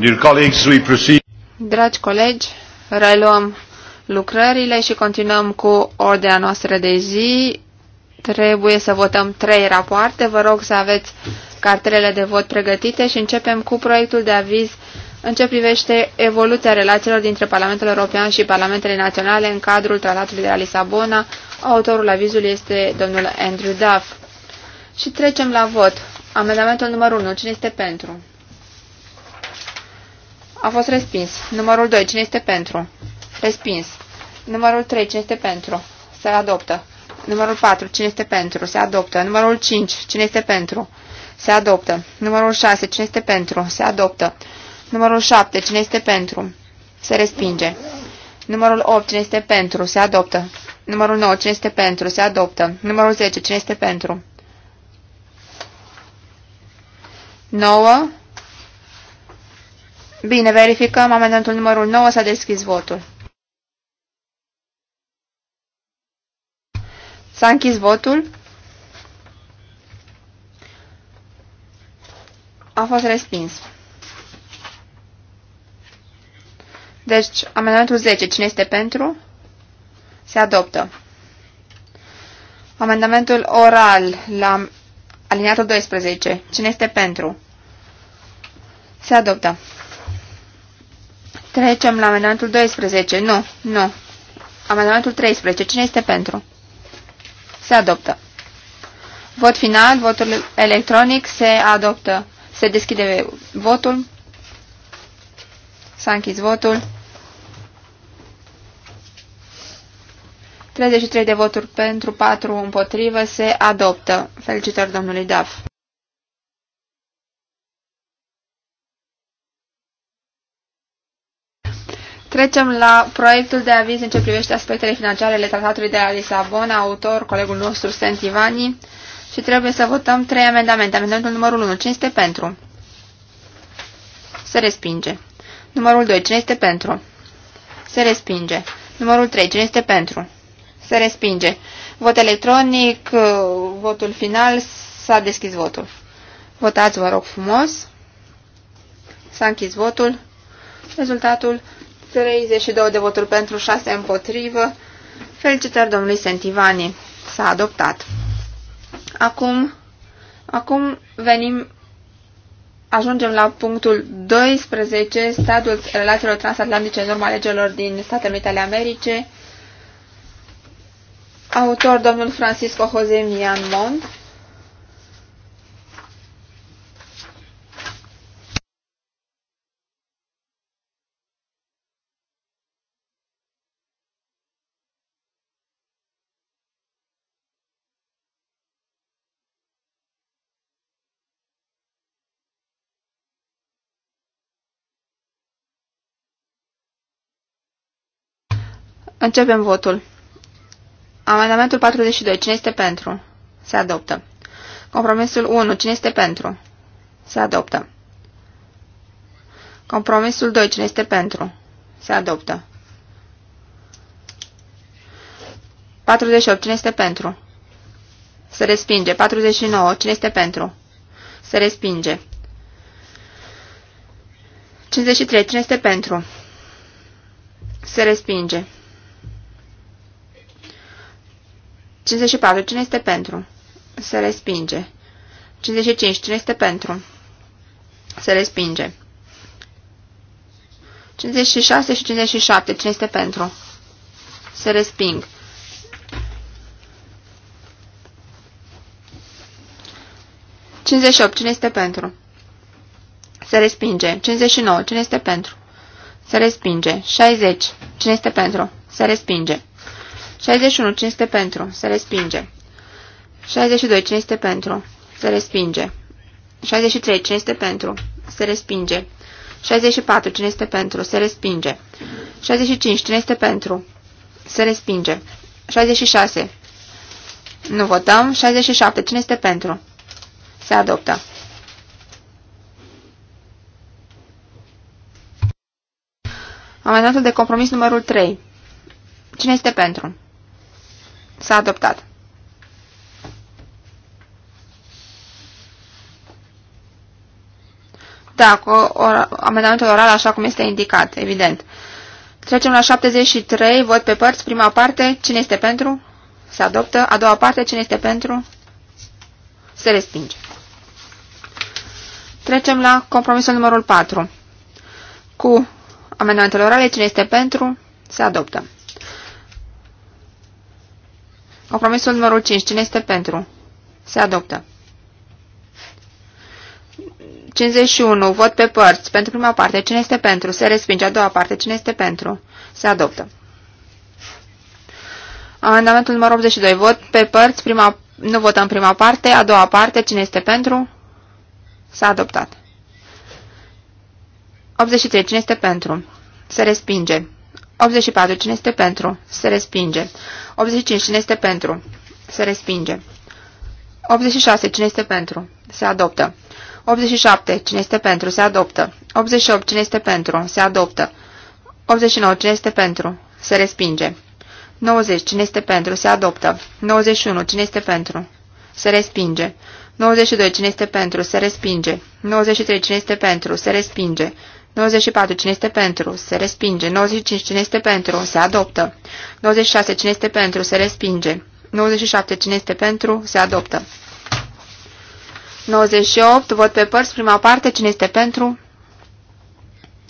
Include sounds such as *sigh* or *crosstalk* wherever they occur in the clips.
Dear colleagues, we proceed. Dragi colegi, reluăm lucrările și continuăm cu ordinea noastră de zi. Trebuie să votăm trei rapoarte. Vă rog să aveți cartelele de vot pregătite și începem cu proiectul de aviz în ce privește evoluția relațiilor dintre Parlamentul European și Parlamentele Naționale în cadrul Tratatului de la Lisabona. Autorul avizului este domnul Andrew Duff. Și trecem la vot. Amendamentul numărul 1. Cine este pentru? A fost respins. Numărul 2. Cine este pentru? Respins. Numărul 3. Cine este pentru? Se adoptă. Numărul 4. Cine este pentru? Se adoptă. Numărul 5. Cine este pentru? Se adoptă. Numărul 6. Cine este pentru? Se adoptă. Numărul 7. Cine este pentru? Se respinge. Numărul 8. Cine este pentru? Se adoptă. Numărul 9. Cine este pentru? Se adoptă. Numărul 10. Cine este pentru? 9. Bine, verificăm amendamentul numărul 9, s-a deschis votul. S-a închis votul. A fost respins. Deci, amendamentul 10, cine este pentru? Se adoptă. Amendamentul oral la aliniatul 12, cine este pentru? Se adoptă. Trecem la amendamentul 12. Nu, nu. Amendamentul 13. Cine este pentru? Se adoptă. Vot final, votul electronic se adoptă. Se deschide votul. S-a închis votul. 33 de voturi pentru, 4 împotrivă, se adoptă. Felicitări domnului Daf. Trecem la proiectul de aviz în ce privește aspectele financiare ale tratatului de la Lisabona, autor, colegul nostru Sentivani, și trebuie să votăm trei amendamente. Amendamentul numărul 1. Cine este pentru? Se respinge. Numărul 2. Cine este pentru? Se respinge. Numărul 3. Cine este pentru? Se respinge. Vot electronic, votul final, s-a deschis votul. Votați, vă rog frumos. S-a închis votul. Rezultatul 32 de voturi pentru, 6 împotrivă. Felicitări domnului Sentivani. S-a adoptat. Acum, acum venim, ajungem la punctul 12, stadiul relațiilor transatlantice în urma alegerilor din Statele Unite ale Americii. Autor domnul Francisco Jose Mian Mont. Începem votul. Amendamentul 42. Cine este pentru? Se adoptă. Compromisul 1. Cine este pentru? Se adoptă. Compromisul 2. Cine este pentru? Se adoptă. 48. Cine este pentru? Se respinge. 49. Cine este pentru? Se respinge. 53. Cine este pentru? Se respinge. 54. Cine este pentru? Se respinge. 55. Cine este pentru? Se respinge. 56 și 57. Cine este pentru? Se resping. 58. Cine este pentru? Se respinge. 59. Cine este pentru? Se respinge. 60. Cine este pentru? Se respinge. 61. Cine este pentru? Se respinge. 62. Cine este pentru? Se respinge. 63. Cine este pentru? Se respinge. 64. Cine este pentru? Se respinge. 65. Cine este pentru? Se respinge. 66. Nu votăm. 67. Cine este pentru? Se adoptă. Amendamentul de compromis numărul 3. Cine este pentru? S-a adoptat. Da, cu or amendamentul oral așa cum este indicat, evident. Trecem la 73, vot pe părți, prima parte, cine este pentru? Se adoptă. A doua parte, cine este pentru? Se respinge. Trecem la compromisul numărul 4. Cu amendamentele orale, cine este pentru? Se adoptă. Compromisul numărul 5. Cine este pentru? Se adoptă. 51. Vot pe părți. Pentru prima parte. Cine este pentru? Se respinge. A doua parte. Cine este pentru? Se adoptă. Amendamentul numărul 82. Vot pe părți. Prima, nu votăm prima parte. A doua parte. Cine este pentru? S-a adoptat. 83. Cine este pentru? Se respinge. 84. Cine este pentru? Se respinge. 85. Cine este pentru? Se respinge. 86. Cine este pentru? Se adoptă. 87. Cine este pentru? Se adoptă. 88. Cine este pentru? Se adoptă. 89. Cine este pentru? Se respinge. 90. Cine este pentru? Se adoptă. 91. Cine este pentru? Se respinge. 92. Cine este pentru? Se respinge. 93. Cine este pentru? Se respinge. 94. Cine este pentru? Se respinge. 95. Cine este pentru? Se adoptă. 96. Cine este pentru? Se respinge. 97. Cine este pentru? Se adoptă. 98. Vot pe părți. Prima parte. Cine este pentru?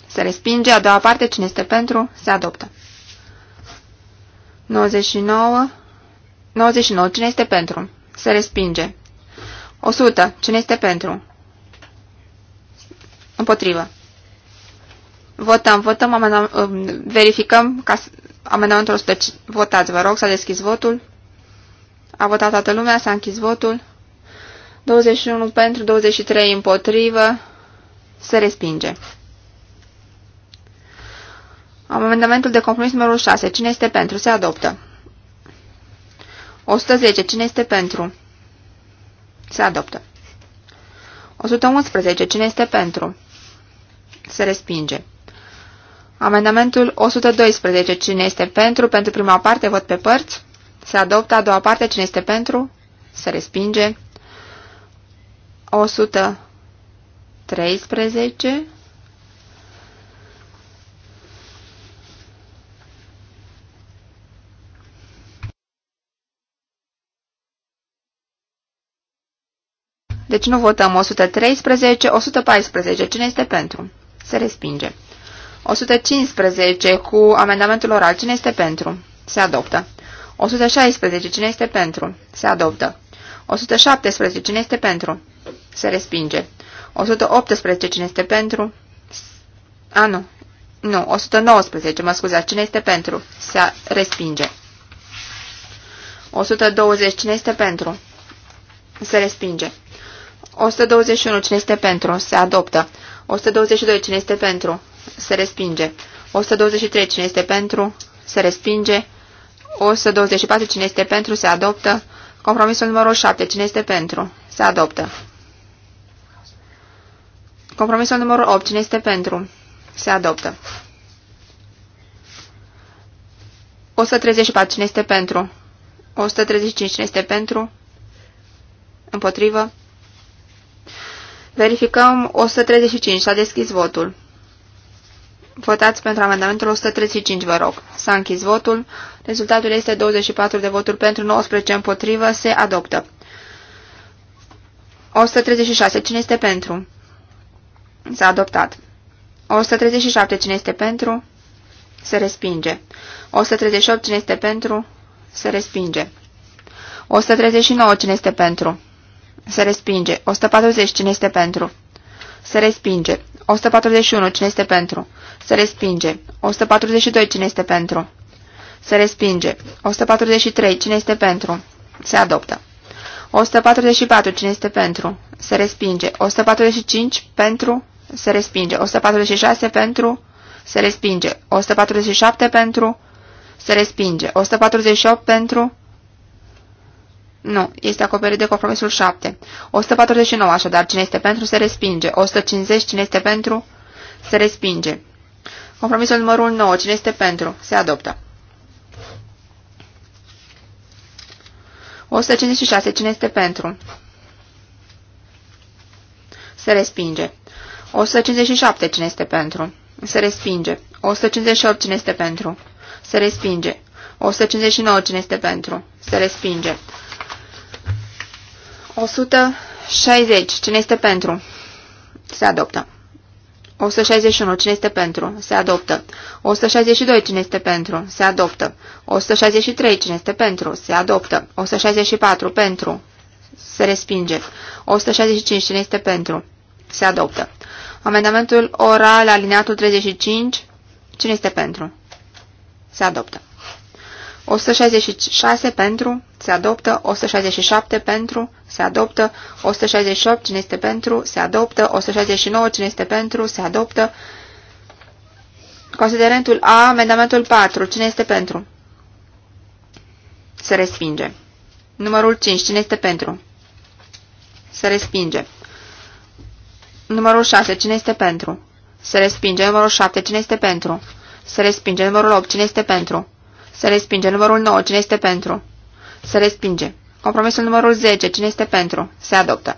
Se respinge. A doua parte. Cine este pentru? Se adoptă. 99. 99. Cine este pentru? Se respinge. 100. Cine este pentru? Împotrivă. Votăm, votăm, amendam, um, verificăm ca amendamentul 100. Deci, votați, vă rog, s-a deschis votul. A votat toată lumea, s-a închis votul. 21 pentru, 23 împotrivă. Se respinge. Amendamentul de compromis numărul 6. Cine este pentru? Se adoptă. 110. Cine este pentru? Se adoptă. 111. Cine este pentru? Se respinge. Amendamentul 112. Cine este pentru? Pentru prima parte, vot pe părți. Se adoptă a doua parte. Cine este pentru? Se respinge. 113. Deci nu votăm 113, 114. Cine este pentru? Se respinge. 115 cu amendamentul oral. Cine este pentru? Se adoptă. 116. Cine este pentru? Se adoptă. 117. Cine este pentru? Se respinge. 118. Cine este pentru? A, nu. Nu. 119. Mă scuzați. Cine este pentru? Se respinge. 120. Cine este pentru? Se respinge. 121. Cine este pentru? Se adoptă. 122. Cine este pentru? se respinge. 123. Cine este pentru, se respinge. 124. Cine este pentru, se adoptă. Compromisul numărul 7. Cine este pentru, se adoptă. Compromisul numărul 8. Cine este pentru, se adoptă. 134. Cine este pentru? 135. Cine este pentru? Împotrivă? Verificăm 135. S-a deschis votul. Votați pentru amendamentul 135, vă rog. S-a închis votul. Rezultatul este 24 de voturi pentru, 19 împotrivă. Se adoptă. 136. Cine este pentru? S-a adoptat. 137. Cine este pentru? Se respinge. 138. Cine este pentru? Se respinge. 139. Cine este pentru? Se respinge. 140. Cine este pentru? Se respinge. 141. Cine este pentru? Se respinge. 142. Cine este pentru? Se respinge. 143. Cine este pentru? Se adoptă. 144. Cine este pentru? Se respinge. 145. Pentru? Se respinge. 146. Pentru? Se respinge. 147. Pentru? Se respinge. 148. Pentru? Nu, este acoperit de compromisul 7. 149, așadar, cine este pentru, se respinge. 150, cine este pentru, se respinge. Compromisul numărul 9, cine este pentru, se adoptă. 156, cine este pentru, se respinge. 157, cine este pentru, se respinge. 158, cine este pentru, se respinge. 159, cine este pentru, se respinge. 160. Cine este pentru? Se adoptă. 161. Cine este pentru? Se adoptă. 162. Cine este pentru? Se adoptă. 163. Cine este pentru? Se adoptă. 164. Pentru. Se respinge. 165. Cine este pentru? Se adoptă. Amendamentul oral alineatul 35. Cine este pentru? Se adoptă. 166 pentru, se adoptă, 167 pentru, se adoptă, 168 cine este pentru, se adoptă, 169 cine este pentru, se adoptă. Considerentul A, amendamentul 4, cine este pentru? Se respinge. Numărul 5, cine este pentru? Se respinge. Numărul 6, cine este pentru? Se respinge. Numărul 7, cine este pentru? Se respinge. Numărul 8, cine este pentru? Se respinge. Numărul 9. Cine este pentru? Se respinge. Compromisul numărul 10. Cine este pentru? Se adoptă.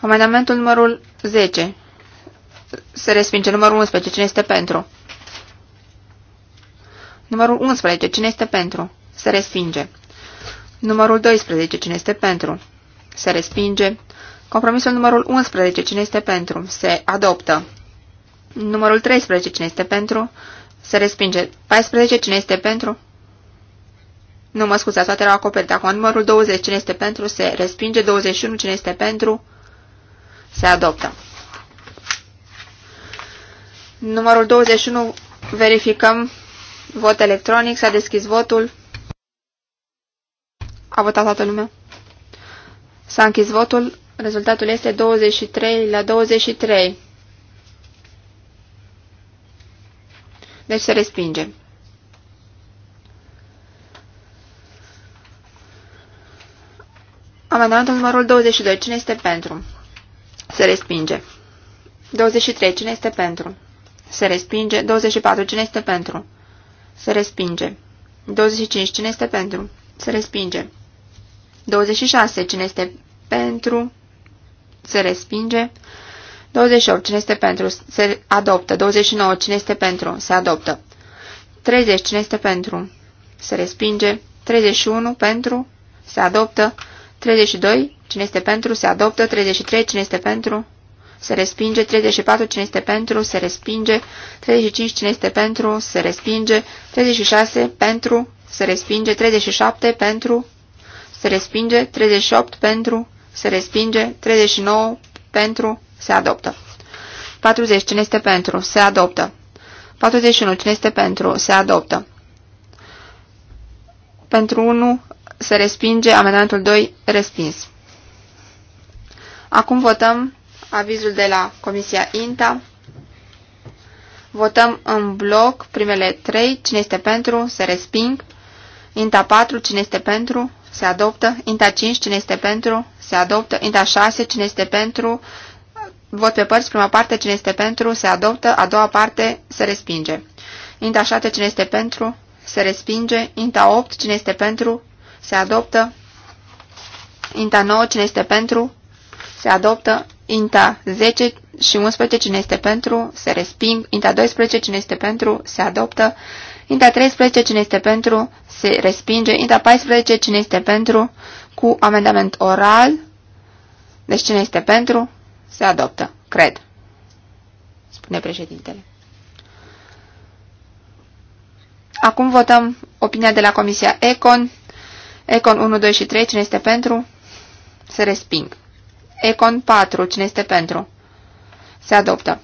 Amendamentul numărul 10. Se respinge. Numărul 11. Cine este pentru? Numărul 11. Cine este pentru? Se respinge. Numărul 12. Cine este pentru? Se respinge. Compromisul numărul 11. Cine este pentru? Se adoptă. Numărul 13. Cine este pentru? Se respinge. 14. Cine este pentru? Nu mă scuzați, toate erau acoperite. Acum numărul 20. Cine este pentru? Se respinge. 21. Cine este pentru? Se adoptă. Numărul 21. Verificăm vot electronic. S-a deschis votul. A votat toată lumea. S-a închis votul. Rezultatul este 23 la 23. Deci se respinge. Amendamentul numărul 22. Cine este pentru? Se respinge. 23. Cine este pentru? Se respinge. 24. Cine este pentru? Se respinge. 25. Cine este pentru? Se respinge. 26. Cine este pentru? Se respinge. 28. Cine este pentru? Se adoptă. 29. Cine este pentru? Se adoptă. 30. Cine este pentru? Se respinge. 31. Pentru? Se adoptă. 32. Cine este pentru? Se adoptă. 33. Cine este pentru? Se respinge. 34. Cine este pentru? Se respinge. 35. Cine este pentru? Se respinge. 36. Pentru? Se respinge. 37. Pentru? Se respinge. 38. Pentru? Se respinge. 39. Pentru? Se adoptă. 40. Cine este pentru? Se adoptă. 41. Cine este pentru? Se adoptă. Pentru 1 se respinge, amendamentul 2 respins. Acum votăm avizul de la Comisia INTA. Votăm în bloc primele 3. Cine este pentru? Se resping. INTA 4. Cine este pentru? Se adoptă. INTA 5. Cine este pentru? Se adoptă. INTA 6. Cine este pentru? Vot pe părți, prima parte, cine este pentru, se adoptă, a doua parte, se respinge. Inta 7, cine este pentru, se respinge. Inta 8, cine este pentru, se adoptă. Inta 9, cine este pentru, se adoptă. Inta 10 și 11, cine este pentru, se resping. Inta 12, cine este pentru, se adoptă. Inta 13, cine este pentru, se respinge. Inta 14, cine este pentru, cu amendament oral. Deci cine este pentru, se adoptă, cred, spune președintele. Acum votăm opinia de la Comisia Econ. Econ 1, 2 și 3, cine este pentru? Se resping. Econ 4, cine este pentru? Se adoptă.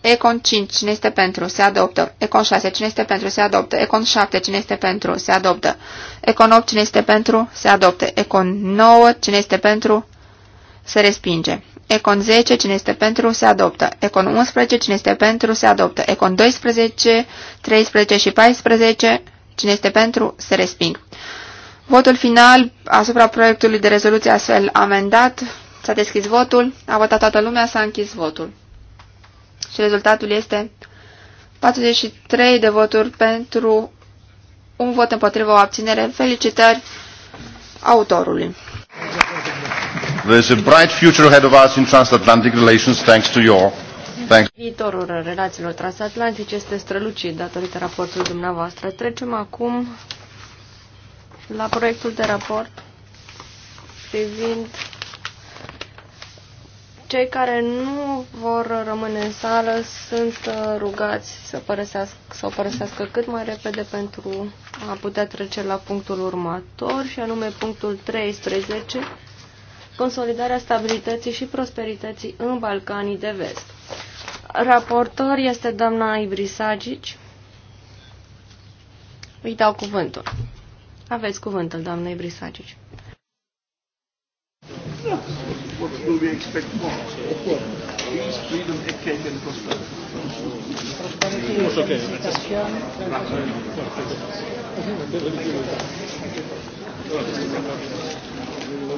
Econ 5, cine este pentru? Se adoptă. Econ 6, cine este pentru? Se adoptă. Econ 7, cine este pentru? Se adoptă. Econ 8, cine este pentru? Se adoptă. Econ 9, cine este pentru? Se respinge. Econ 10, cine este pentru, se adoptă. Econ 11, cine este pentru, se adoptă. Econ 12, 13 și 14, cine este pentru, se resping. Votul final asupra proiectului de rezoluție astfel amendat. S-a deschis votul, a votat toată lumea, s-a închis votul. Și rezultatul este 43 de voturi pentru un vot împotriva o abținere. Felicitări autorului. There is a bright future ahead of us in transatlantic relations thanks to your Thanks. Viitorul relațiilor transatlantice este strălucit datorită raportului dumneavoastră. Trecem acum la proiectul de raport privind cei care nu vor rămâne în sală sunt uh, rugați să, părăsească, să o părăsească cât mai repede pentru a putea trece la punctul următor și anume punctul 13 consolidarea stabilității și prosperității în Balcanii de Vest. Raportor este doamna Ibrisagici. Îi dau cuvântul. Aveți cuvântul, doamna Ibrisagici. What Thank you.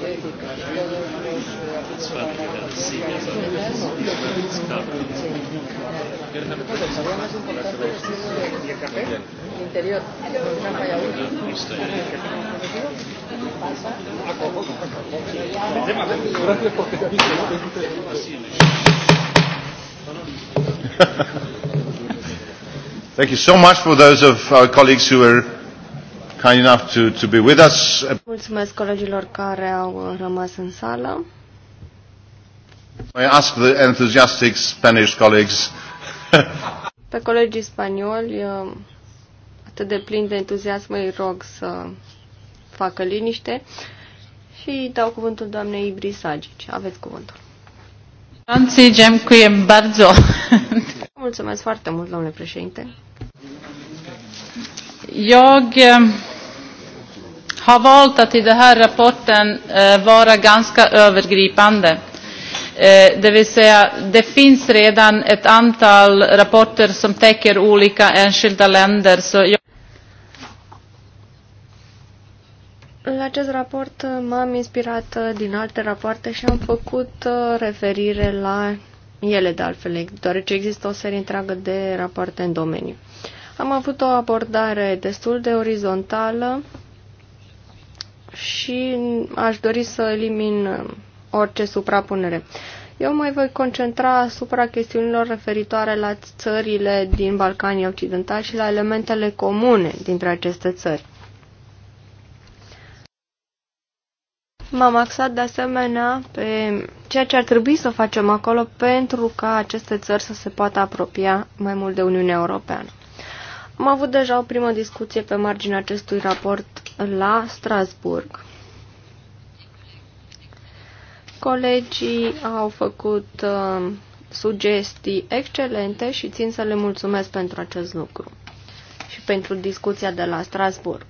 Thank you so much for those of our colleagues who were kind enough to, to be with us. Mulțumesc colegilor care au rămas în sală. I ask the enthusiastic Spanish colleagues. Pe colegii spanioli, atât de plini de entuziasm, îi rog să facă liniște și dau cuvântul doamnei Sagici. Aveți cuvântul. Mulțumesc foarte mult, domnule președinte. Jag har valt att i den här rapporten eh, vara ganska övergripande. Eh, det vill säga, det finns redan ett antal rapporter som täcker olika enskilda länder. Så jag În acest raport eh, m-am inspirat eh, din alte rapoarte și am făcut eh, referire la ele de altfel, deoarece există o serie întreagă de rapoarte în domeniu. Am avut o abordare destul de orizontală și aș dori să elimin orice suprapunere. Eu mai voi concentra asupra chestiunilor referitoare la țările din Balcanii Occidentali și la elementele comune dintre aceste țări. M-am axat de asemenea pe ceea ce ar trebui să facem acolo pentru ca aceste țări să se poată apropia mai mult de Uniunea Europeană. Am avut deja o primă discuție pe marginea acestui raport la Strasburg. Colegii au făcut uh, sugestii excelente și țin să le mulțumesc pentru acest lucru și pentru discuția de la Strasburg.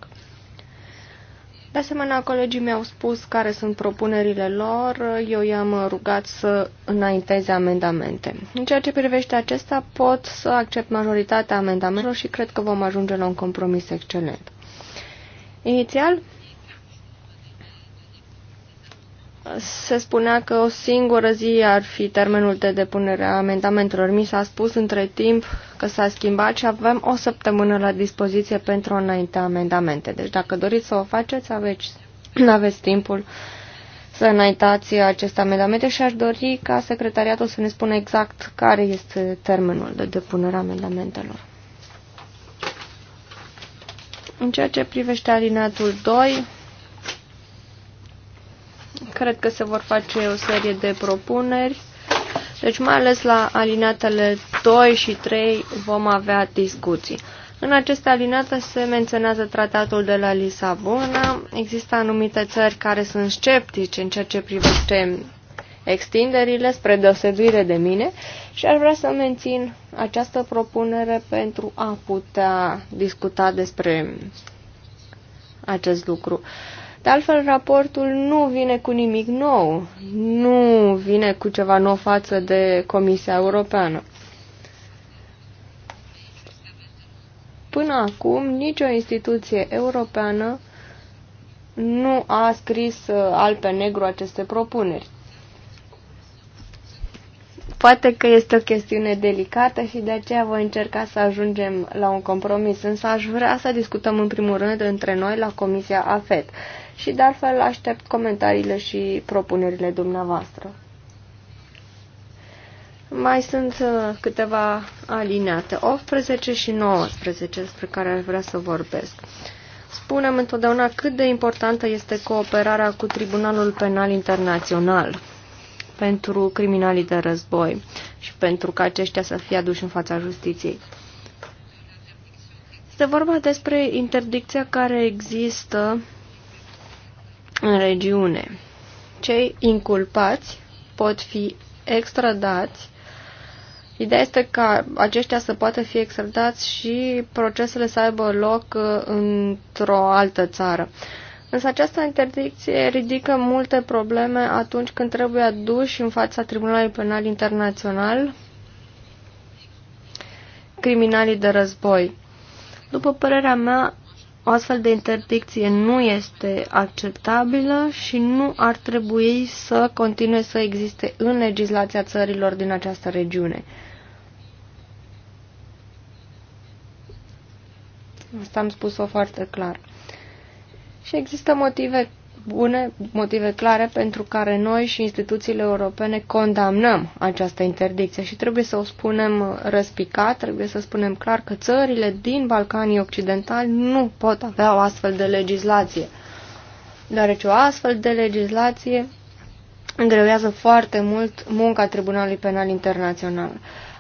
De asemenea, colegii mi-au spus care sunt propunerile lor, eu i-am rugat să înainteze amendamente. În ceea ce privește acesta, pot să accept majoritatea amendamentelor și cred că vom ajunge la un compromis excelent. Inițial, se spunea că o singură zi ar fi termenul de depunere a amendamentelor. Mi s-a spus între timp că s-a schimbat și avem o săptămână la dispoziție pentru a înainta amendamente. Deci dacă doriți să o faceți, aveți, *clears throat* aveți timpul să înaintați aceste amendamente și aș dori ca secretariatul să ne spună exact care este termenul de depunere a amendamentelor. În ceea ce privește alineatul 2, cred că se vor face o serie de propuneri. Deci mai ales la alineatele 2 și 3 vom avea discuții. În această alineată se menționează tratatul de la Lisabona. Există anumite țări care sunt sceptice în ceea ce privește extinderile spre deosebire de mine și ar vrea să mențin această propunere pentru a putea discuta despre acest lucru. De altfel, raportul nu vine cu nimic nou, nu vine cu ceva nou față de Comisia Europeană. Până acum, nicio instituție europeană nu a scris uh, al pe negru aceste propuneri. Poate că este o chestiune delicată și de aceea voi încerca să ajungem la un compromis, însă aș vrea să discutăm în primul rând între noi la Comisia AFET și de altfel aștept comentariile și propunerile dumneavoastră. Mai sunt uh, câteva alineate, 18 și 19, despre care aș vrea să vorbesc. Spunem întotdeauna cât de importantă este cooperarea cu Tribunalul Penal Internațional pentru criminalii de război și pentru ca aceștia să fie aduși în fața justiției. Este vorba despre interdicția care există în regiune. Cei inculpați pot fi extradați. Ideea este ca aceștia să poată fi extradați și procesele să aibă loc uh, într-o altă țară. Însă această interdicție ridică multe probleme atunci când trebuie aduși în fața Tribunalului Penal Internațional criminalii de război. După părerea mea, o astfel de interdicție nu este acceptabilă și nu ar trebui să continue să existe în legislația țărilor din această regiune. Asta am spus-o foarte clar. Și există motive bune, motive clare pentru care noi și instituțiile europene condamnăm această interdicție și trebuie să o spunem răspicat, trebuie să spunem clar că țările din Balcanii Occidentali nu pot avea o astfel de legislație, deoarece o astfel de legislație îngreuiază foarte mult munca Tribunalului Penal Internațional.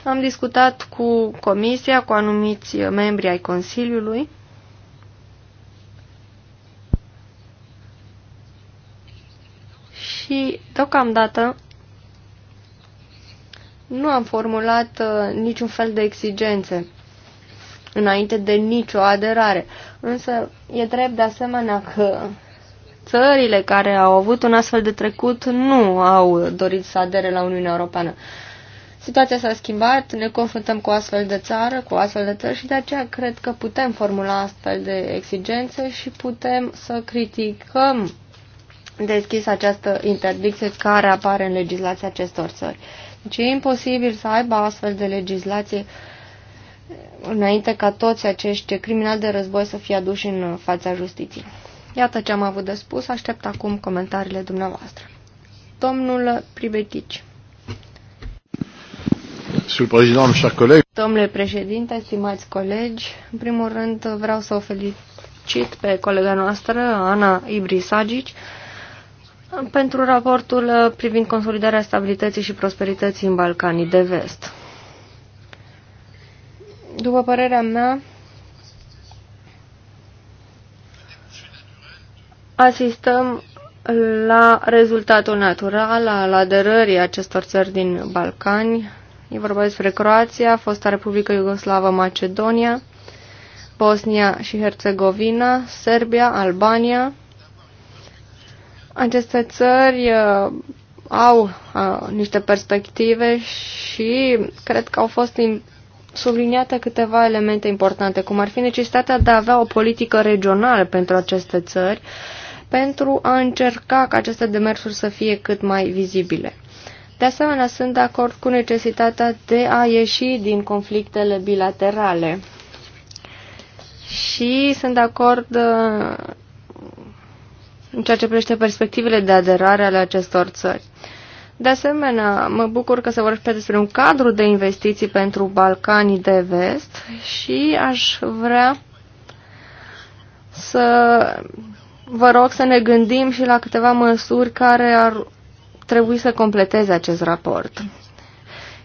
Am discutat cu Comisia, cu anumiți membri ai Consiliului, și deocamdată nu am formulat uh, niciun fel de exigențe înainte de nicio aderare. Însă e drept de asemenea că țările care au avut un astfel de trecut nu au dorit să adere la Uniunea Europeană. Situația s-a schimbat, ne confruntăm cu astfel de țară, cu astfel de țări și de aceea cred că putem formula astfel de exigențe și putem să criticăm deschis această interdicție care apare în legislația acestor țări. Deci e imposibil să aibă astfel de legislație înainte ca toți acești criminali de război să fie aduși în fața justiției. Iată ce am avut de spus, aștept acum comentariile dumneavoastră. Domnul Pribetici. Domnule președinte, stimați colegi, în primul rând vreau să o felicit pe colega noastră, Ana Ibrisagici, pentru raportul uh, privind consolidarea stabilității și prosperității în Balcanii de Vest. După părerea mea, asistăm la rezultatul natural al aderării acestor țări din Balcani. E vorba despre Croația, fosta Republică Iugoslavă Macedonia, Bosnia și Herțegovina, Serbia, Albania, aceste țări uh, au uh, niște perspective și cred că au fost subliniate câteva elemente importante, cum ar fi necesitatea de a avea o politică regională pentru aceste țări, pentru a încerca ca aceste demersuri să fie cât mai vizibile. De asemenea, sunt de acord cu necesitatea de a ieși din conflictele bilaterale și sunt de acord uh, în ceea ce privește perspectivele de aderare ale acestor țări. De asemenea, mă bucur că se vorbește despre un cadru de investiții pentru Balcanii de Vest și aș vrea să vă rog să ne gândim și la câteva măsuri care ar trebui să completeze acest raport.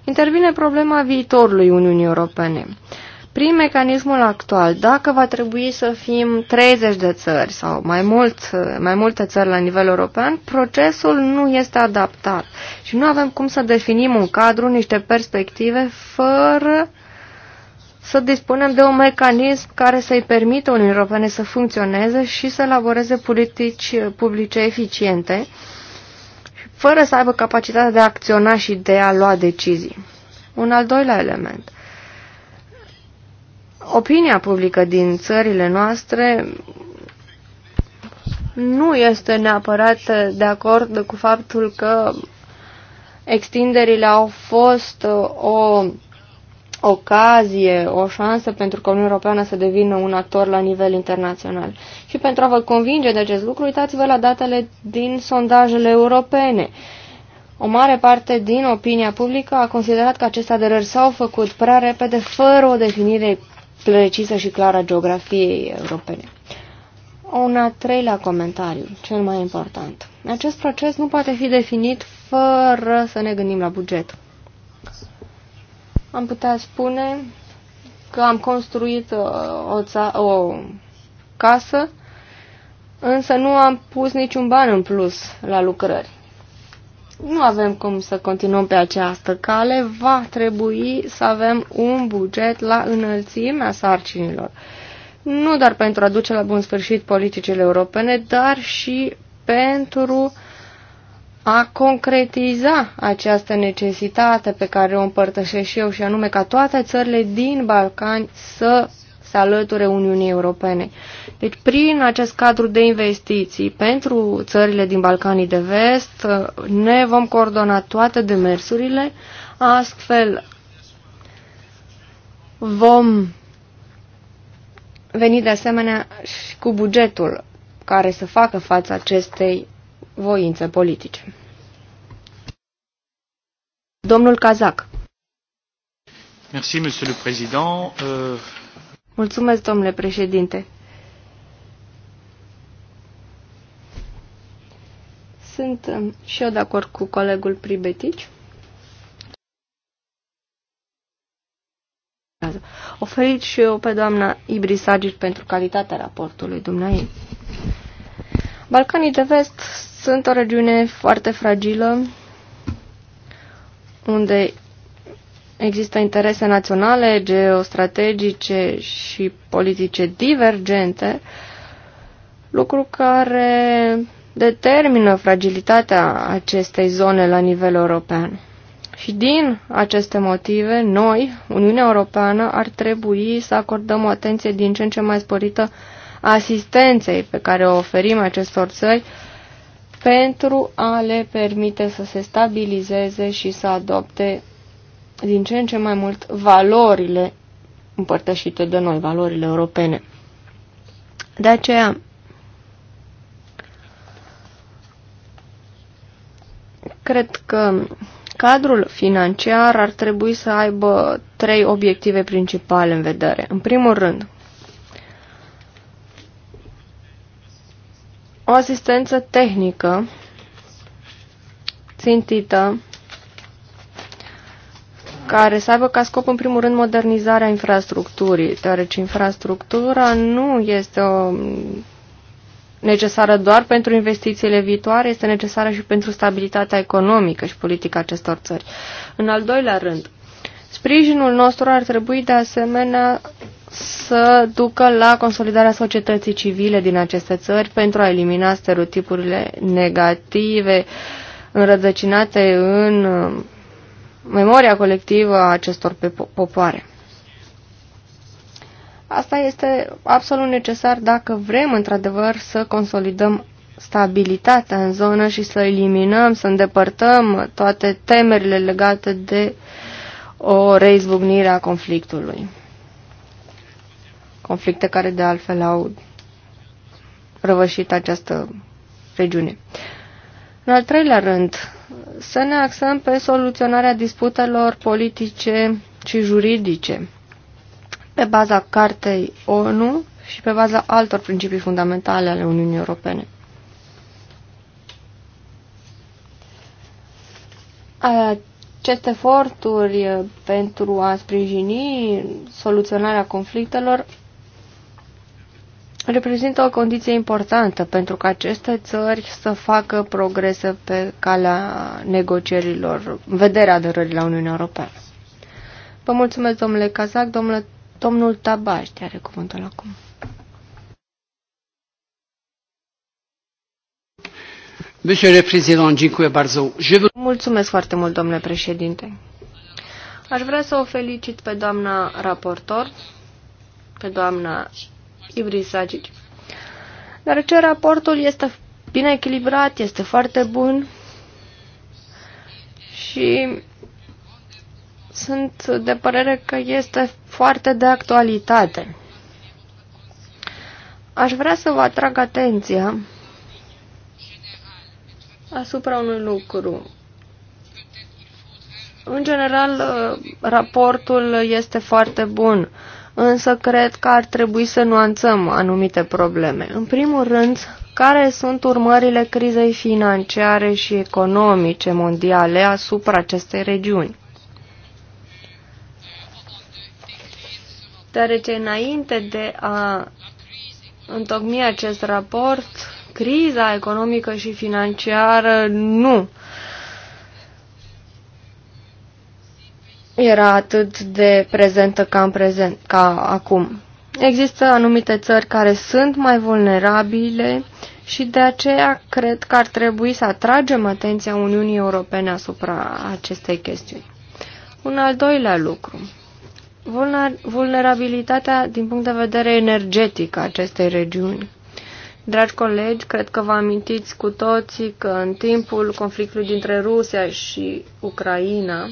Intervine problema viitorului Uniunii Europene. Prin mecanismul actual, dacă va trebui să fim 30 de țări sau mai, mult, mai multe țări la nivel european, procesul nu este adaptat și nu avem cum să definim un cadru, niște perspective, fără să dispunem de un mecanism care să-i permită Uniunii Europene să funcționeze și să elaboreze politici publice eficiente, fără să aibă capacitatea de a acționa și de a lua decizii. Un al doilea element opinia publică din țările noastre nu este neapărat de acord cu faptul că extinderile au fost uh, o ocazie, o șansă pentru că Uniunea Europeană să devină un actor la nivel internațional. Și pentru a vă convinge de acest lucru, uitați-vă la datele din sondajele europene. O mare parte din opinia publică a considerat că aceste aderări s-au făcut prea repede, fără o definire precisă și clară a geografiei europene. Un al treilea comentariu, cel mai important. Acest proces nu poate fi definit fără să ne gândim la buget. Am putea spune că am construit uh, o, o casă, însă nu am pus niciun ban în plus la lucrări nu avem cum să continuăm pe această cale, va trebui să avem un buget la înălțimea sarcinilor. Nu doar pentru a duce la bun sfârșit politicile europene, dar și pentru a concretiza această necesitate pe care o împărtășesc și eu, și anume ca toate țările din Balcani să se alăture Uniunii Europene. Deci, prin acest cadru de investiții pentru țările din Balcanii de Vest, ne vom coordona toate demersurile, astfel vom veni de asemenea și cu bugetul care să facă față acestei voințe politice. Domnul Kazak. Merci, Monsieur le Président. Euh... Mulțumesc, domnule președinte. Sunt um, și eu de acord cu colegul Pribetici. Oferit și eu pe doamna Ibrisagic pentru calitatea raportului dumneai. Balcanii de vest sunt o regiune foarte fragilă, unde Există interese naționale, geostrategice și politice divergente, lucru care determină fragilitatea acestei zone la nivel european. Și din aceste motive, noi, Uniunea Europeană, ar trebui să acordăm o atenție din ce în ce mai sporită asistenței pe care o oferim acestor țări pentru a le permite să se stabilizeze și să adopte din ce în ce mai mult valorile împărtășite de noi, valorile europene. De aceea, cred că cadrul financiar ar trebui să aibă trei obiective principale în vedere. În primul rând, o asistență tehnică țintită care să aibă ca scop în primul rând modernizarea infrastructurii, deoarece infrastructura nu este o um, necesară doar pentru investițiile viitoare, este necesară și pentru stabilitatea economică și politică acestor țări. În al doilea rând, sprijinul nostru ar trebui de asemenea să ducă la consolidarea societății civile din aceste țări pentru a elimina stereotipurile negative înrădăcinate în um, memoria colectivă a acestor popoare. Asta este absolut necesar dacă vrem într-adevăr să consolidăm stabilitatea în zonă și să eliminăm, să îndepărtăm toate temerile legate de o reizbucnire a conflictului. Conflicte care de altfel au răvășit această regiune. În al treilea rând, să ne axăm pe soluționarea disputelor politice și juridice pe baza Cartei ONU și pe baza altor principii fundamentale ale Uniunii Europene. Aceste eforturi pentru a sprijini soluționarea conflictelor reprezintă o condiție importantă pentru ca aceste țări să facă progrese pe calea negocierilor, vederea aderării la Uniunea Europeană. Vă mulțumesc, domnule Cazac. Domnule, domnul Tabaști are cuvântul acum. Mulțumesc foarte mult, domnule președinte. Aș vrea să o felicit pe doamna raportor, pe doamna Ibris Dar ce raportul este bine echilibrat, este foarte bun și sunt de părere că este foarte de actualitate. Aș vrea să vă atrag atenția asupra unui lucru. În general, raportul este foarte bun însă cred că ar trebui să nuanțăm anumite probleme. În primul rând, care sunt urmările crizei financiare și economice mondiale asupra acestei regiuni? Deoarece înainte de a întocmi acest raport, criza economică și financiară nu era atât de prezentă ca, în prezent, ca acum. Există anumite țări care sunt mai vulnerabile și de aceea cred că ar trebui să atragem atenția Uniunii Europene asupra acestei chestiuni. Un al doilea lucru. Vulnerabilitatea din punct de vedere energetic a acestei regiuni. Dragi colegi, cred că vă amintiți cu toții că în timpul conflictului dintre Rusia și Ucraina,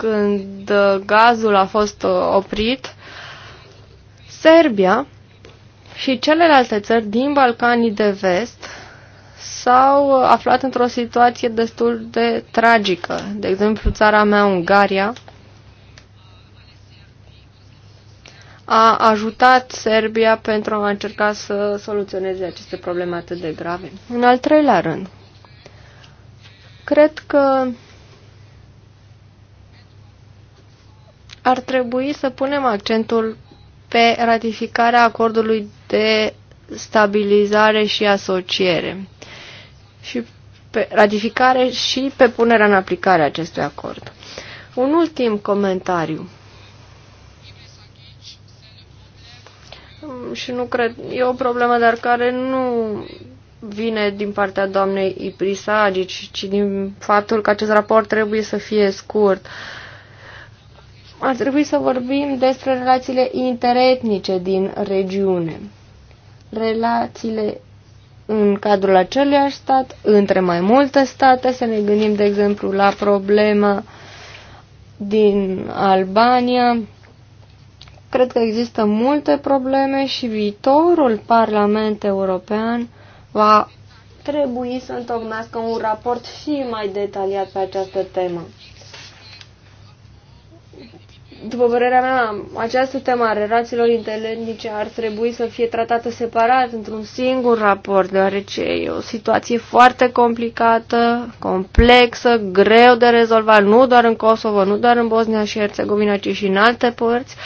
când gazul a fost uh, oprit, Serbia și celelalte țări din Balcanii de Vest s-au uh, aflat într-o situație destul de tragică. De exemplu, țara mea, Ungaria, a ajutat Serbia pentru a încerca să soluționeze aceste probleme atât de grave. În al treilea rând, cred că ar trebui să punem accentul pe ratificarea acordului de stabilizare și asociere și pe ratificare și pe punerea în aplicare a acestui acord. Un ultim comentariu. Mm, și nu cred, e o problemă, dar care nu vine din partea doamnei Iprisagici, ci din faptul că acest raport trebuie să fie scurt. Uh, ar trebui să vorbim despre relațiile interetnice din regiune. Relațiile în cadrul aceluiași stat, între mai multe state, să ne gândim, de exemplu, la problema din Albania. Cred că există multe probleme și viitorul Parlament European va trebui să întocmească un raport și mai detaliat pe această temă. După părerea mea, această temă a relațiilor interetnice ar trebui să fie tratată separat într-un singur raport, deoarece e o situație foarte complicată, complexă, greu de rezolvat, nu doar în Kosovo, nu doar în Bosnia și Herțegovina, ci și în alte părți.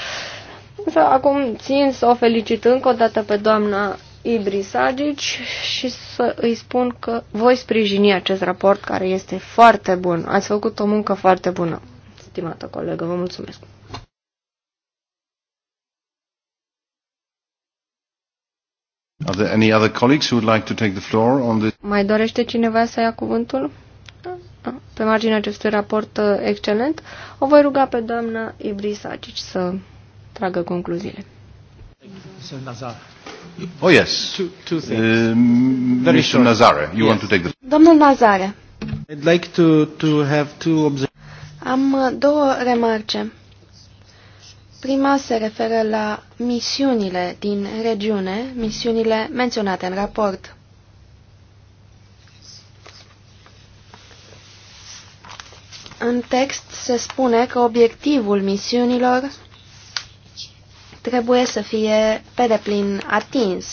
Însă acum țin să o felicit încă o dată pe doamna Ibrisagici și să îi spun că voi sprijini acest raport care este foarte bun. Ați făcut o muncă foarte bună stimată colegă. Vă mulțumesc! Are there any other colleagues who would like to take the floor on this? Mai dorește cineva să ia cuvântul? Da, da. Pe marginea acestui raport uh, excelent, o voi ruga pe doamna Acic să tragă concluziile. Oh, yes. Two, two things. Uh, Mr. Nazare, you yes. want to take the... Domnul Nazare. I'd like to, to have two am uh, două remarce. Prima se referă la misiunile din regiune, misiunile menționate în raport. În text se spune că obiectivul misiunilor trebuie să fie pe deplin atins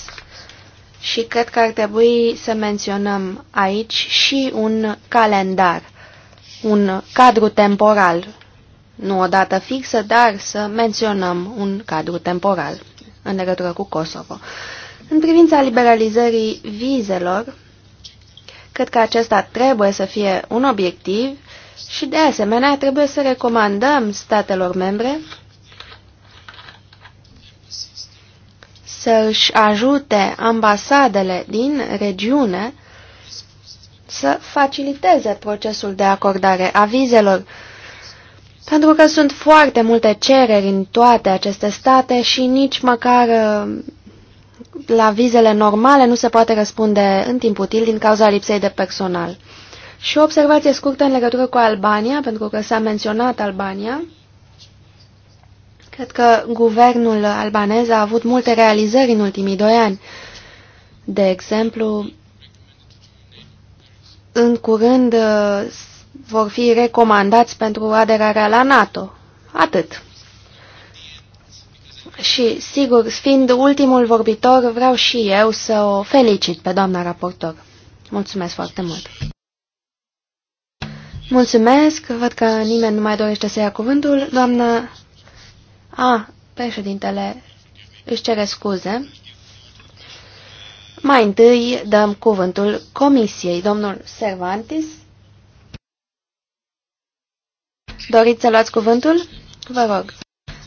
și cred că ar trebui să menționăm aici și un calendar un cadru temporal, nu o dată fixă, dar să menționăm un cadru temporal în legătură cu Kosovo. În privința liberalizării vizelor, cred că acesta trebuie să fie un obiectiv și, de asemenea, trebuie să recomandăm statelor membre să și ajute ambasadele din regiune să faciliteze procesul de acordare a vizelor, pentru că sunt foarte multe cereri în toate aceste state și nici măcar uh, la vizele normale nu se poate răspunde în timp util din cauza lipsei de personal. Și o observație scurtă în legătură cu Albania, pentru că s-a menționat Albania. Cred că guvernul albanez a avut multe realizări în ultimii doi ani. De exemplu, în curând uh, vor fi recomandați pentru aderarea la NATO. Atât. Și, sigur, fiind ultimul vorbitor, vreau și eu să o felicit pe doamna raportor. Mulțumesc foarte mult! Mulțumesc, văd că nimeni nu mai dorește să ia cuvântul. Doamna... A, președintele își cere scuze. Mai întâi dăm cuvântul Comisiei. Domnul Cervantes, doriți să luați cuvântul? Vă rog.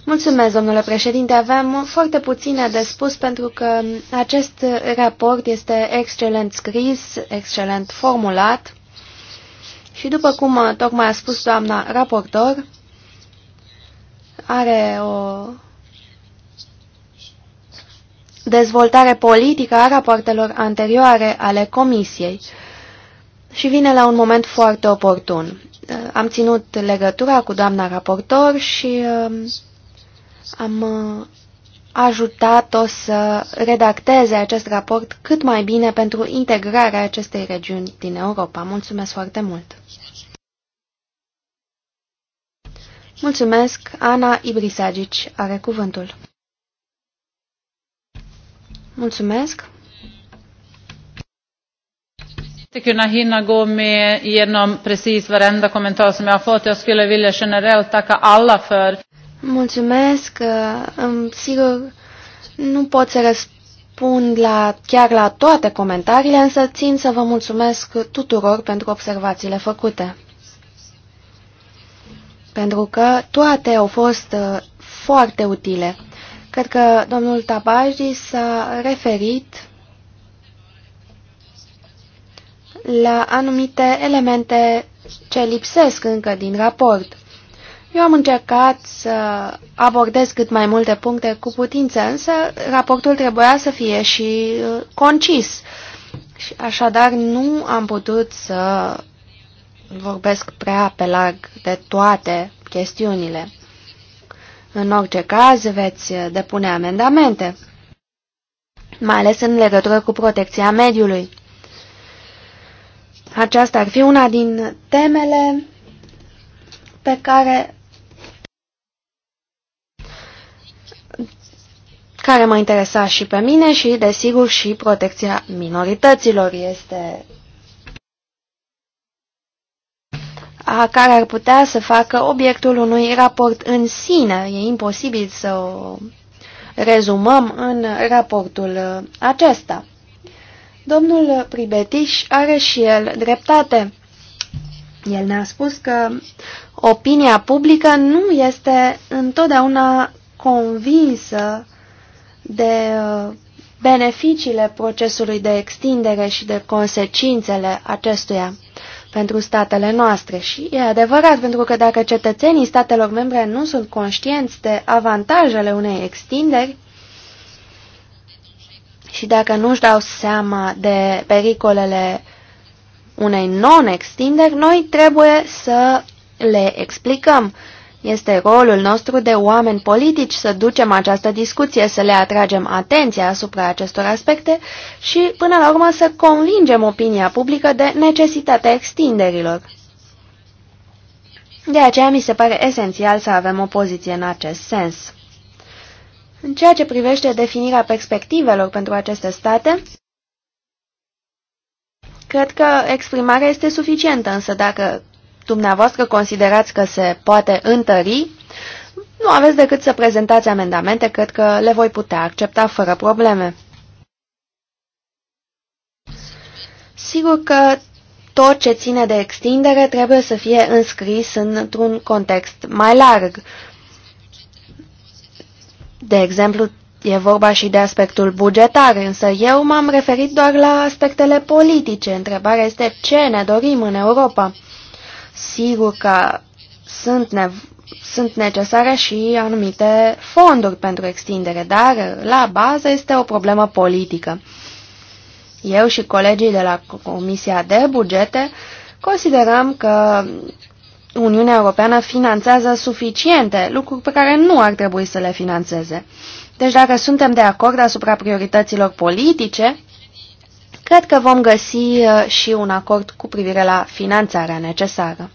Mulțumesc, domnule președinte. avem foarte puține de spus pentru că acest raport este excelent scris, excelent formulat și după cum tocmai a spus doamna raportor, are o dezvoltare politică a rapoartelor anterioare ale Comisiei și vine la un moment foarte oportun. Uh, am ținut legătura cu doamna raportor și um, am uh, ajutat-o să redacteze acest raport cât mai bine pentru integrarea acestei regiuni din Europa. Mulțumesc foarte mult! Mulțumesc, Ana Ibrisagici are cuvântul. Mulțumesc. inte kunna hinna gå med genom precis varenda kommentar som jag har fått. Jag skulle vilja generellt tacka alla för. Mulțumesc. Um, Sigur, nu pot să răspund la, chiar la toate comentariile, însă țin să vă mulțumesc tuturor pentru observațiile făcute. Pentru că toate au fost uh, foarte utile. Cred că domnul Tabaji s-a referit la anumite elemente ce lipsesc încă din raport. Eu am încercat să abordez cât mai multe puncte cu putință, însă raportul trebuia să fie și uh, concis. Și așadar nu am putut să vorbesc prea pe larg de toate chestiunile. În orice caz, veți depune amendamente, mai ales în legătură cu protecția mediului. Aceasta ar fi una din temele pe care, care mă interesa și pe mine și, desigur, și protecția minorităților este a care ar putea să facă obiectul unui raport în sine. E imposibil să o rezumăm în raportul uh, acesta. Domnul Pribetiș are și el dreptate. El ne-a spus că opinia publică nu este întotdeauna convinsă de uh, beneficiile procesului de extindere și de consecințele acestuia pentru statele noastre. Și e adevărat, pentru că dacă cetățenii statelor membre nu sunt conștienți de avantajele unei extinderi și dacă nu-și dau seama de pericolele unei non-extinderi, noi trebuie să le explicăm. Este rolul nostru de oameni politici să ducem această discuție, să le atragem atenția asupra acestor aspecte și, până la urmă, să convingem opinia publică de necesitatea extinderilor. De aceea mi se pare esențial să avem o poziție în acest sens. În ceea ce privește definirea perspectivelor pentru aceste state, cred că exprimarea este suficientă, însă dacă dumneavoastră considerați că se poate întări, nu aveți decât să prezentați amendamente, cred că le voi putea accepta fără probleme. Sigur că tot ce ține de extindere trebuie să fie înscris într-un context mai larg. De exemplu, e vorba și de aspectul bugetar, însă eu m-am referit doar la aspectele politice. Întrebarea este ce ne dorim în Europa. Sigur că sunt, ne sunt necesare și anumite fonduri pentru extindere, dar la bază este o problemă politică. Eu și colegii de la Comisia de Bugete considerăm că Uniunea Europeană finanțează suficiente lucruri pe care nu ar trebui să le finanțeze. Deci dacă suntem de acord asupra priorităților politice, cred că vom găsi uh, și un acord cu privire la finanțarea necesară.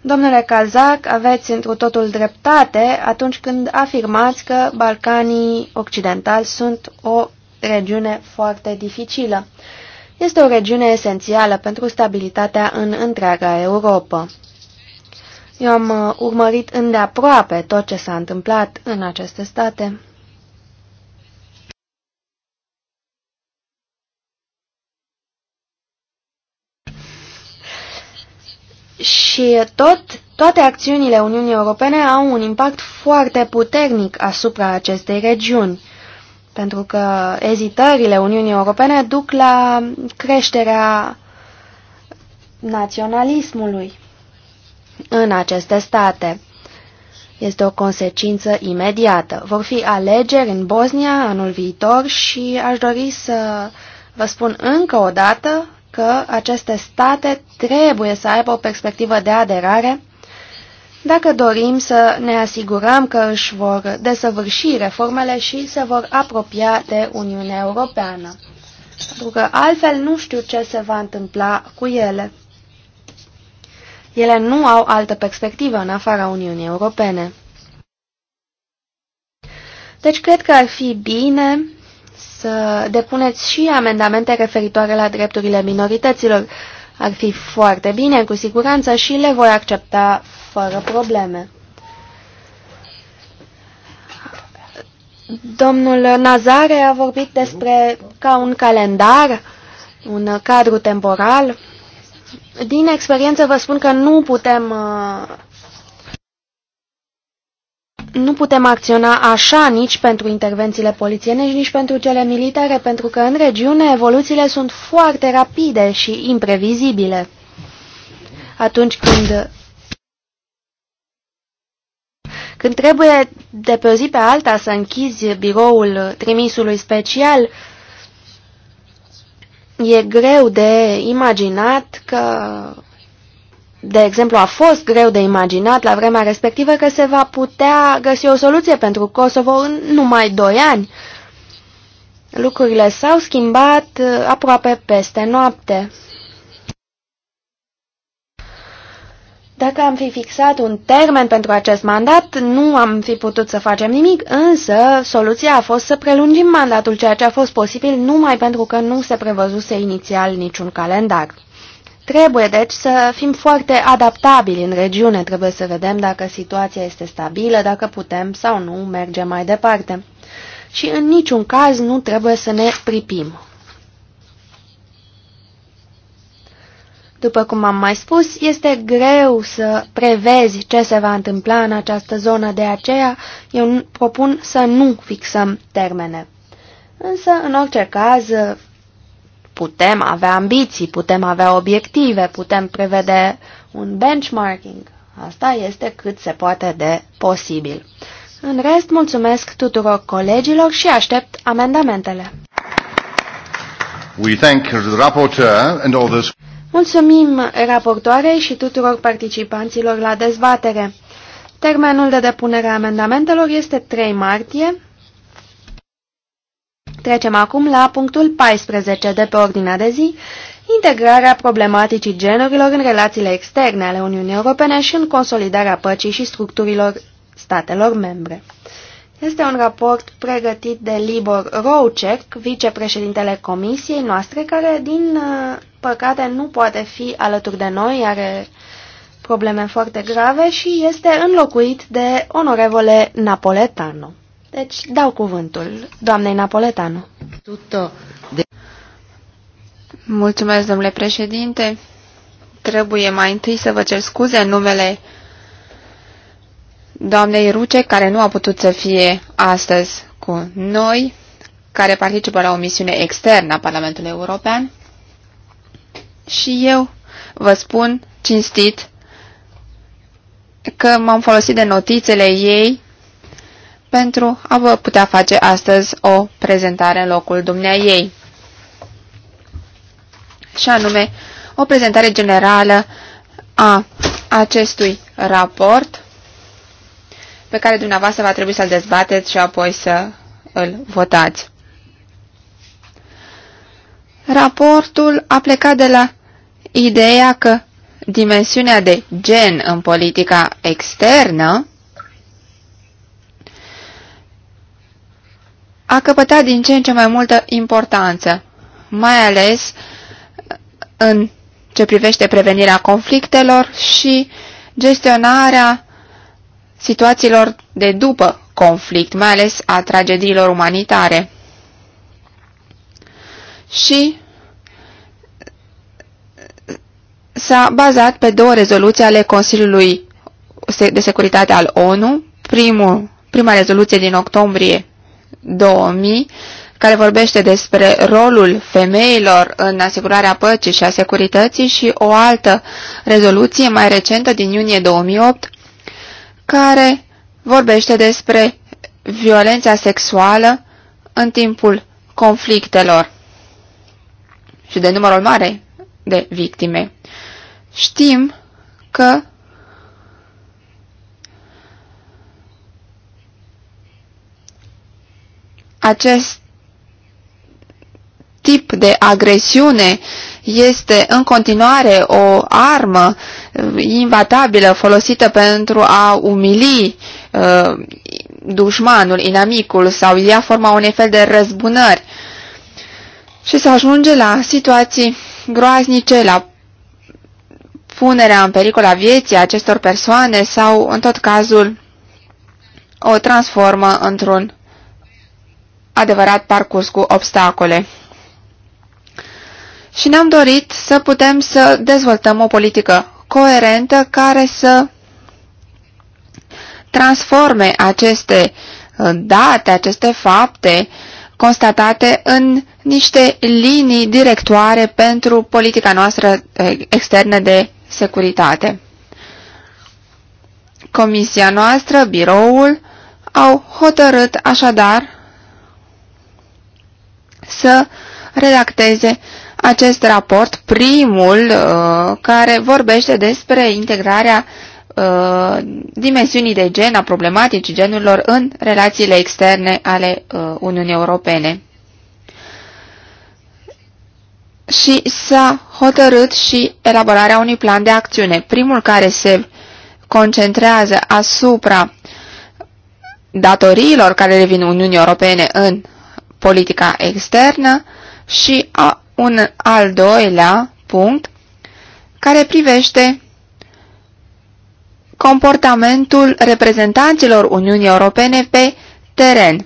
Domnule Cazac, aveți întru totul dreptate atunci când afirmați că Balcanii Occidentali sunt o regiune foarte dificilă. Este o regiune esențială pentru stabilitatea în întreaga Europa. Eu am uh, urmărit îndeaproape tot ce s-a întâmplat în aceste state. Și tot, toate acțiunile Uniunii Europene au un impact foarte puternic asupra acestei regiuni, pentru că ezitările Uniunii Europene duc la creșterea naționalismului în aceste state. Este o consecință imediată. Vor fi alegeri în Bosnia anul viitor și aș dori să vă spun încă o dată că aceste state trebuie să aibă o perspectivă de aderare dacă dorim să ne asigurăm că își vor desăvârși reformele și se vor apropia de Uniunea Europeană. Pentru că altfel nu știu ce se va întâmpla cu ele. Ele nu au altă perspectivă în afara Uniunii Europene. Deci cred că ar fi bine să depuneți și amendamente referitoare la drepturile minorităților. Ar fi foarte bine, cu siguranță, și le voi accepta fără probleme. Domnul Nazare a vorbit despre ca un calendar, un cadru temporal. Din experiență vă spun că nu putem uh, nu putem acționa așa nici pentru intervențiile polițienești, nici pentru cele militare, pentru că în regiune evoluțiile sunt foarte rapide și imprevizibile. Atunci când, când trebuie de pe o zi pe alta să închizi biroul trimisului special, e greu de imaginat că de exemplu, a fost greu de imaginat la vremea respectivă că se va putea găsi o soluție pentru Kosovo în numai doi ani. Lucrurile s-au schimbat uh, aproape peste noapte. Dacă am fi fixat un termen pentru acest mandat, nu am fi putut să facem nimic, însă soluția a fost să prelungim mandatul, ceea ce a fost posibil numai pentru că nu se prevăzuse inițial niciun calendar. Trebuie, deci, să fim foarte adaptabili în regiune. Trebuie să vedem dacă situația este stabilă, dacă putem sau nu merge mai departe. Și în niciun caz nu trebuie să ne pripim. După cum am mai spus, este greu să prevezi ce se va întâmpla în această zonă, de aceea eu propun să nu fixăm termene. Însă, în orice caz, putem avea ambiții, putem avea obiective, putem prevede un benchmarking. Asta este cât se poate de posibil. În rest, mulțumesc tuturor colegilor și aștept amendamentele. We thank the rapporteur and all those... Mulțumim raportoarei și tuturor participanților la dezbatere. Termenul de depunere a amendamentelor este 3 martie Trecem acum la punctul 14 de pe ordinea de zi, integrarea problematicii genurilor în relațiile externe ale Uniunii Europene și în consolidarea păcii și structurilor statelor membre. Este un raport pregătit de Libor Roucek, vicepreședintele comisiei noastre, care, din uh, păcate, nu poate fi alături de noi, are probleme foarte grave și este înlocuit de onorevole Napoletano. Deci dau cuvântul doamnei Napoletanu. Tutto de... Mulțumesc, domnule președinte. Trebuie mai întâi să vă cer scuze în numele doamnei Ruce, care nu a putut să fie astăzi cu noi, care participă la o misiune externă a Parlamentului European. Și eu vă spun cinstit că m-am folosit de notițele ei pentru a vă putea face astăzi o prezentare în locul dumnea ei. Și anume, o prezentare generală a acestui raport pe care dumneavoastră va trebui să-l dezbateți și apoi să îl votați. Raportul a plecat de la ideea că dimensiunea de gen în politica externă a căpătat din ce în ce mai multă importanță, mai ales în ce privește prevenirea conflictelor și gestionarea situațiilor de după conflict, mai ales a tragediilor umanitare. Și s-a bazat pe două rezoluții ale Consiliului de Securitate al ONU, primul, prima rezoluție din octombrie 2000, care vorbește despre rolul femeilor în asigurarea păcii și a securității și o altă rezoluție mai recentă din iunie 2008, care vorbește despre violența sexuală în timpul conflictelor și de numărul mare de victime. Știm că acest tip de agresiune este în continuare o armă uh, invatabilă folosită pentru a umili uh, dușmanul, inamicul sau ia forma unei fel de răzbunări și să ajunge la situații groaznice, la punerea în pericol a vieții acestor persoane sau, în tot cazul, o transformă într-un adevărat parcurs cu obstacole. Și ne-am dorit să putem să dezvoltăm o politică coerentă care să transforme aceste uh, date, aceste fapte constatate în niște linii directoare pentru politica noastră uh, externă de securitate. Comisia noastră, biroul, au hotărât așadar să redacteze acest raport, primul uh, care vorbește despre integrarea uh, dimensiunii de gen, a problematicii genurilor în relațiile externe ale uh, Uniunii Europene. Și s-a hotărât și elaborarea unui plan de acțiune, primul care se concentrează asupra datoriilor care revin Uniunii Europene în politica externă și a, un al doilea punct care privește comportamentul reprezentanților Uniunii Europene pe teren.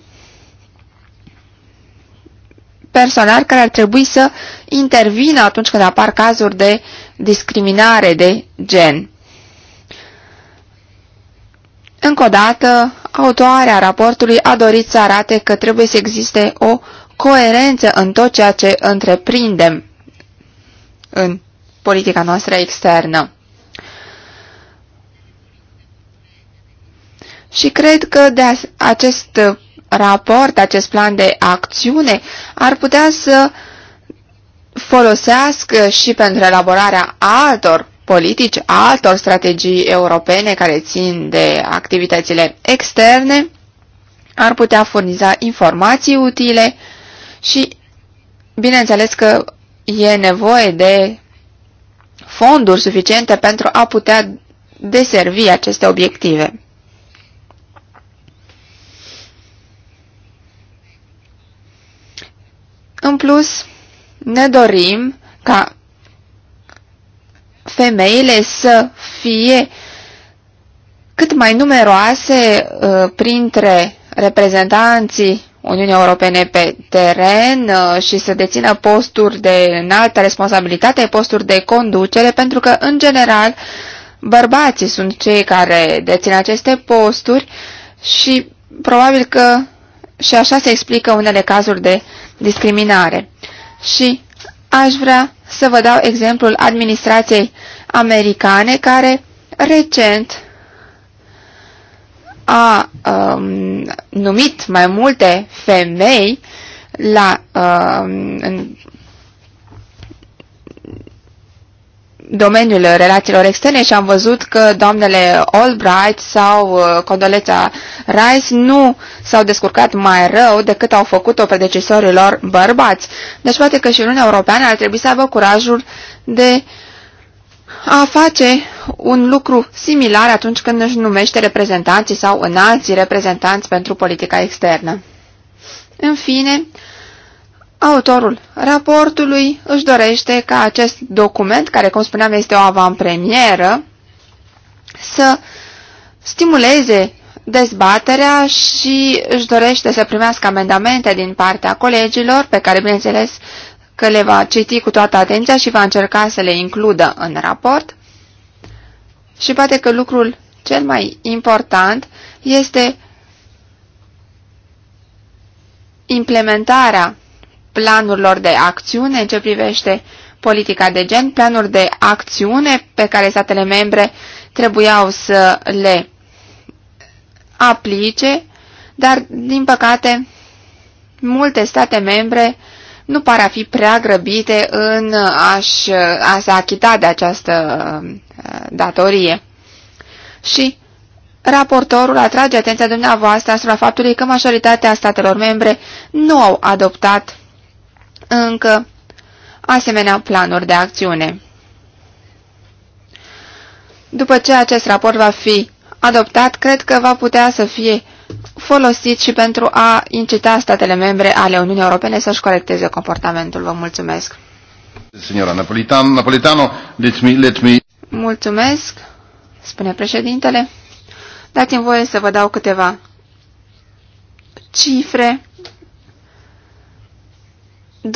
Personal care ar trebui să intervină atunci când apar cazuri de discriminare de gen. Încă o dată, autoarea raportului a dorit să arate că trebuie să existe o coerență în tot ceea ce întreprindem în politica noastră externă. Și cred că de acest raport, acest plan de acțiune ar putea să folosească și pentru elaborarea altor politici, altor strategii europene care țin de activitățile externe, ar putea furniza informații utile și, bineînțeles că e nevoie de fonduri suficiente pentru a putea deservi aceste obiective. În plus, ne dorim ca femeile să fie cât mai numeroase uh, printre reprezentanții Uniunii Europene pe teren uh, și să dețină posturi de înaltă responsabilitate, posturi de conducere, pentru că, în general, bărbații sunt cei care dețin aceste posturi și probabil că și așa se explică unele cazuri de discriminare. Și Aș vrea să vă dau exemplul administrației americane care recent a um, numit mai multe femei la, um, în domeniul relațiilor externe și am văzut că doamnele Albright sau uh, Condoleța Rice nu s-au descurcat mai rău decât au făcut-o predecesorilor lor bărbați. Deci poate că și Uniunea Europeană ar trebui să aibă curajul de a face un lucru similar atunci când își numește reprezentanții sau înalții reprezentanți pentru politica externă. În fine, Autorul raportului își dorește ca acest document, care, cum spuneam, este o avantpremieră, să stimuleze dezbaterea și își dorește să primească amendamente din partea colegilor, pe care, bineînțeles, că le va citi cu toată atenția și va încerca să le includă în raport. Și poate că lucrul cel mai important este implementarea planurilor de acțiune în ce privește politica de gen, planuri de acțiune pe care statele membre trebuiau să le aplice, dar, din păcate, multe state membre nu par a fi prea grăbite în a-și, a se achita de această uh, datorie. Și raportorul atrage atenția dumneavoastră asupra faptului că majoritatea statelor membre nu au adoptat încă asemenea planuri de acțiune. După ce acest raport va fi adoptat, cred că va putea să fie folosit și pentru a incita statele membre ale Uniunii Europene să-și corecteze comportamentul. Vă mulțumesc! Signora Napolitan, Napolitano, let me, let me... Mulțumesc, spune președintele. Dați-mi voie să vă dau câteva cifre 20%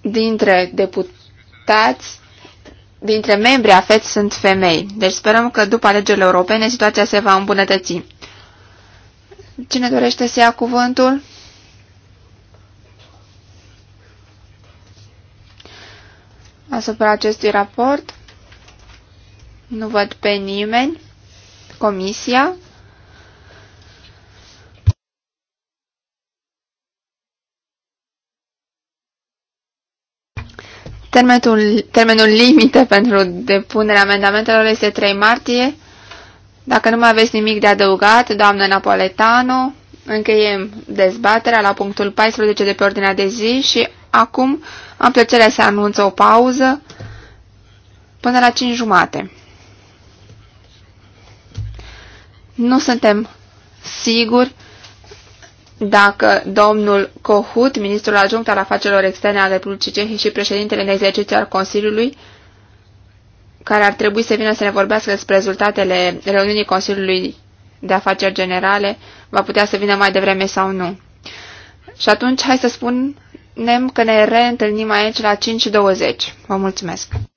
dintre deputați, dintre membrii AFET sunt femei. Deci sperăm că după alegerile europene situația se va îmbunătăți. Cine dorește să ia cuvântul? Asupra acestui raport nu văd pe nimeni. Comisia Termenul, termenul limite pentru depunerea amendamentelor este 3 martie. Dacă nu mai aveți nimic de adăugat, doamnă Napoletano, încheiem dezbaterea la punctul 14 de pe ordinea de zi și acum am plăcerea să anunț o pauză până la 5 jumate. Nu suntem siguri dacă domnul Cohut, ministrul adjunct al afacerilor externe al Republicii Cehii și președintele în exercițiu al Consiliului, care ar trebui să vină să ne vorbească despre rezultatele reuniunii Consiliului de Afaceri Generale, va putea să vină mai devreme sau nu. Și atunci, hai să spunem că ne reîntâlnim aici la 5.20. Vă mulțumesc!